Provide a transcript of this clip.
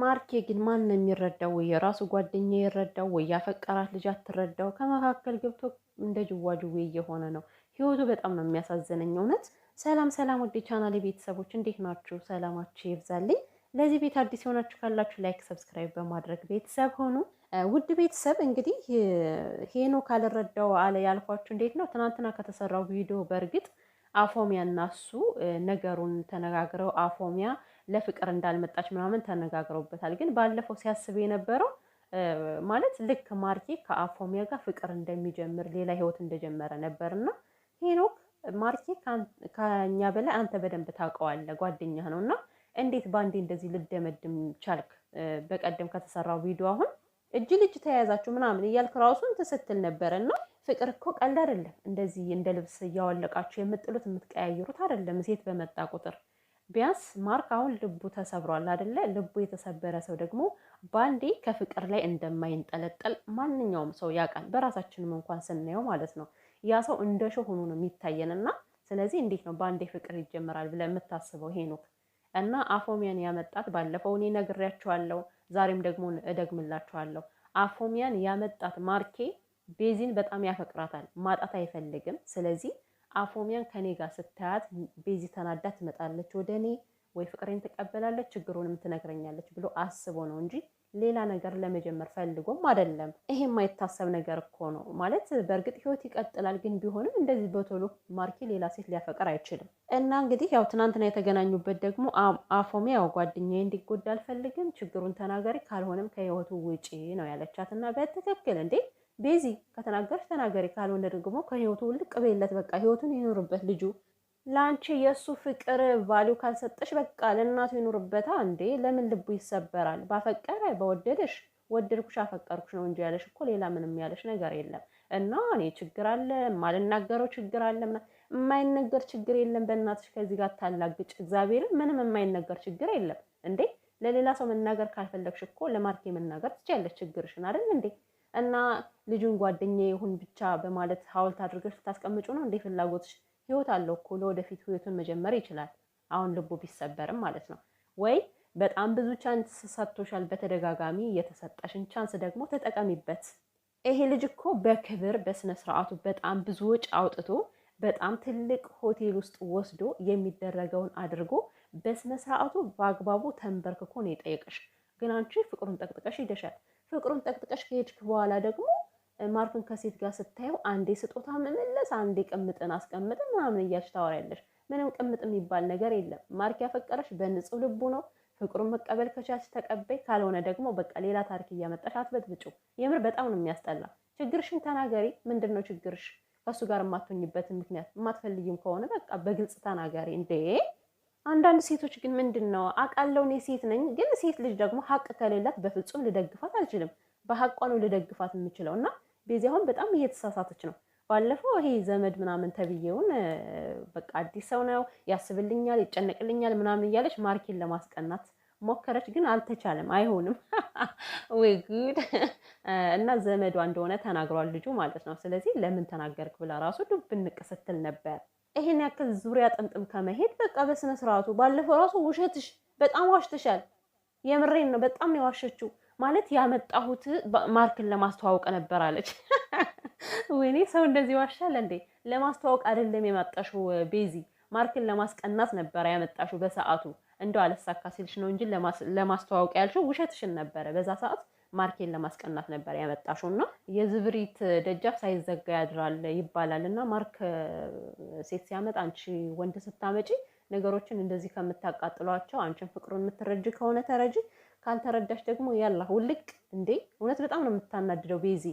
ማርኬ ግን ማን ነው የሚረዳው? ወይ የራሱ ጓደኛ ይረዳው? ወይ ያፈቀራት ልጅ አትረዳው? ከመካከል ገብቶ እንደ ጅዋጅዌ እየሆነ ነው። ህይወቱ በጣም ነው የሚያሳዝነኝ እውነት። ሰላም ሰላም፣ ወደ ቻናል ቤተሰቦች እንዴት ናችሁ? ሰላማችሁ ይብዛልኝ። ለዚህ ቤት አዲስ የሆናችሁ ካላችሁ ላይክ፣ ሰብስክራይብ በማድረግ ቤተሰብ ሆኑ። ውድ ቤተሰብ እንግዲህ ሄኖ ካልረዳው አለ ያልኳችሁ እንዴት ነው ትናንትና ከተሰራው ቪዲዮ በእርግጥ አፎሚያ እና እሱ ነገሩን ተነጋግረው አፎሚያ ለፍቅር እንዳልመጣች ምናምን ተነጋግረውበታል። ግን ባለፈው ሲያስብ የነበረው ማለት ልክ ማርኬ ከአፎሚያ ጋር ፍቅር እንደሚጀምር ሌላ ህይወት እንደጀመረ ነበርና ሄኖክ ማርኬ ከኛ በላይ አንተ በደንብ ታውቀዋለህ፣ ጓደኛ ነው እና እንዴት በአንዴ እንደዚህ ልደመድም ቻልክ? በቀደም ከተሰራው ቪዲዮ አሁን እጅ ልጅ ተያያዛችሁ ምናምን እያልክ ራሱን ትስትል ነበረ እና ፍቅር እኮ ቀልድ አይደለም። እንደዚህ እንደ ልብስ እያወለቃችሁ የምጥሉት የምትቀያየሩት አይደለም ሴት በመጣ ቁጥር ቢያንስ ማርክ አሁን ልቡ ተሰብሯል አደለ? ልቡ የተሰበረ ሰው ደግሞ በአንዴ ከፍቅር ላይ እንደማይንጠለጠል ማንኛውም ሰው ያውቃል። በራሳችንም እንኳን ስናየው ማለት ነው ያ ሰው እንደ ሾ ሆኖ ነው የሚታየንና ስለዚህ እንዴት ነው ባንዴ ፍቅር ይጀምራል ብለ የምታስበው ሄኖክ? እና አፎሚያን ያመጣት ባለፈው እኔ ነግሬያችኋለሁ፣ ዛሬም ደግሞ እደግምላችኋለሁ። አፎሚያን ያመጣት ማርኬ ቤዚን በጣም ያፈቅራታል፣ ማጣት አይፈልግም። ስለዚህ አፎሚያን ከኔ ጋር ስታያት ቤዚ ተናዳ ትመጣለች ወደ እኔ ወይ ፍቅሬን ትቀበላለች፣ ችግሩንም ትነግረኛለች ብሎ አስቦ ነው እንጂ ሌላ ነገር ለመጀመር ፈልጎም አይደለም። ይሄ የማይታሰብ ነገር እኮ ነው ማለት በእርግጥ ህይወት ይቀጥላል፣ ግን ቢሆንም እንደዚህ በቶሎ ማርኬ ሌላ ሴት ሊያፈቅር አይችልም። እና እንግዲህ ያው ትናንትና የተገናኙበት ደግሞ አፎሚ ያው ጓደኛዬ እንዲጎዳ አልፈልግም፣ ችግሩን ተናገሪ፣ ካልሆነም ከህይወቱ ውጪ ነው ያለቻት እና በትክክል እንዴ ቤዚ ከተናገርሽ ተናገሪ፣ ካልሆነ ደግሞ ከህይወቱ ልቅ በይለት። በቃ ህይወቱን ይኖርበት ልጁ። ለአንቺ የእሱ ፍቅር ቫሊው ካልሰጠሽ በቃ ለእናቱ ይኖርበታ እንዴ! ለምን ልቡ ይሰበራል? ባፈቀረ በወደደሽ ወደድኩሽ አፈቀርኩሽ ነው እንጂ ያለሽ እኮ ሌላ ምንም ያለሽ ነገር የለም። እና እኔ ችግር አለ የማልናገረው ችግር አለ ምናምን የማይነገር ችግር የለም። በእናትሽ ከዚህ ጋር ታላግጭ። እግዚአብሔርን ምንም የማይነገር ችግር የለም እንዴ! ለሌላ ሰው መናገር ካልፈለግሽ እኮ ለማርኬ መናገር ትችያለሽ ችግርሽን አይደል እንዴ? እና ልጁን ጓደኛ ይሁን ብቻ በማለት ሀውልት አድርገሽ ልታስቀምጩ ነው እንዴ? ፍላጎትሽ ህይወት አለው እኮ ለወደፊት ህይወቱን መጀመር ይችላል። አሁን ልቡ ቢሰበርም ማለት ነው ወይ በጣም ብዙ ቻንስ ሰጥቶሻል በተደጋጋሚ የተሰጠሽን ቻንስ ደግሞ ተጠቀሚበት። ይሄ ልጅ እኮ በክብር በስነ ስርዓቱ በጣም ብዙ ወጪ አውጥቶ በጣም ትልቅ ሆቴል ውስጥ ወስዶ የሚደረገውን አድርጎ በስነ ስርዓቱ በአግባቡ ተንበርክኮ ነው የጠየቀሽ። ግን አንቺ ፍቅሩን ጠቅጥቀሽ ሂደሻል። ፍቅሩን ጠቅጥቀሽ ከሄድክ በኋላ ደግሞ ማርክን ከሴት ጋር ስታየው አንዴ ስጦታ መመለስ፣ አንዴ ቅምጥን አስቀምጥ ምናምን እያልሽ ታወሪያለሽ። ምንም ቅምጥ የሚባል ነገር የለም። ማርክ ያፈቀረሽ በንጹህ ልቡ ነው። ፍቅሩን መቀበል ከቻልሽ ተቀበይ፣ ካልሆነ ደግሞ በቃ ሌላ ታሪክ እያመጣሽ አትበጥብጩ። የምር በጣም ነው የሚያስጠላ። ችግርሽን ተናገሪ። ምንድን ነው ችግርሽ? ከእሱ ጋር የማትሆኝበትን ምክንያት የማትፈልጊም ከሆነ በቃ በግልጽ ተናገሪ እንዴ አንዳንድ ሴቶች ግን ምንድን ነው አውቃለሁ፣ እኔ ሴት ነኝ። ግን ሴት ልጅ ደግሞ ሀቅ ከሌላት በፍጹም ልደግፋት አልችልም። በሀቋ ነው ልደግፋት የምችለው። እና ቤዚ አሁን በጣም እየተሳሳተች ነው። ባለፈው ይሄ ዘመድ ምናምን ተብዬውን በቃ አዲስ ሰው ነው ያስብልኛል፣ ይጨነቅልኛል ምናምን እያለች ማርኬን ለማስቀናት ሞከረች። ግን አልተቻለም፣ አይሆንም ወይ ጉድ እና ዘመዷ እንደሆነ ተናግሯል ልጁ ማለት ነው። ስለዚህ ለምን ተናገርክ ብላ ራሱ ድብንቅ ስትል ነበር። ይሄን ያክል ዙሪያ ጥምጥም ከመሄድ በቃ በስነ ስርዓቱ ባለፈው ራሱ ውሸትሽ በጣም ዋሽትሻል። የምሬን ነው፣ በጣም የዋሸችው ማለት ያመጣሁት ማርክን ለማስተዋወቅ ነበር አለች። ወይኔ ሰው እንደዚህ ዋሻል እንዴ! ለማስተዋወቅ አይደለም የመጣሽው ቤዚ፣ ማርክን ለማስቀናት ነበር ያመጣሽው። በሰዓቱ እንደው አለሳካ ሲልሽ ነው እንጂ ለማስተዋወቅ ያልሽው ውሸትሽን ነበረ በዛ ሰዓት ማርኬን ለማስቀናት ነበር ያመጣሽው እና የዝብሪት ደጃፍ ሳይዘጋ ያድራል ይባላል እና ማርክ ሴት ሲያመጣ አንቺ ወንድ ስታመጪ ነገሮችን እንደዚህ ከምታቃጥሏቸው አንቺን ፍቅሩን የምትረጅ ከሆነ ተረጂ፣ ካልተረዳሽ ደግሞ ያላ ውልቅ እንዴ! እውነት በጣም ነው የምታናድደው ቤዚ